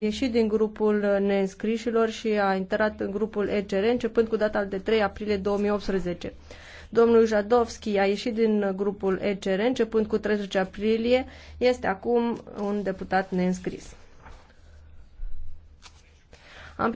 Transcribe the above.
ieșit din grupul neînscrișilor și a intrat în grupul ECR începând cu data de 3 aprilie 2018. Domnul Jadovski a ieșit din grupul ECR începând cu 30 aprilie, este acum un deputat neînscris.